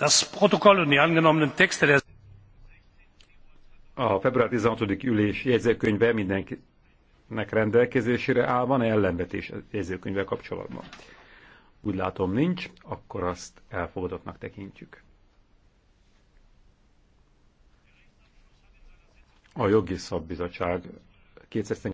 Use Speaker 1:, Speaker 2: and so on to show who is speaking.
Speaker 1: das protokoll und die angenommenen texte der.
Speaker 2: a február 16. ülés jegyzőkönyve mindenkinek rendelkezésére áll, van-e ellenvetés a jegyzőkönyvvel kapcsolatban? Úgy látom nincs, akkor azt elfogadottnak tekintjük.
Speaker 3: A jogi szabbizottság 200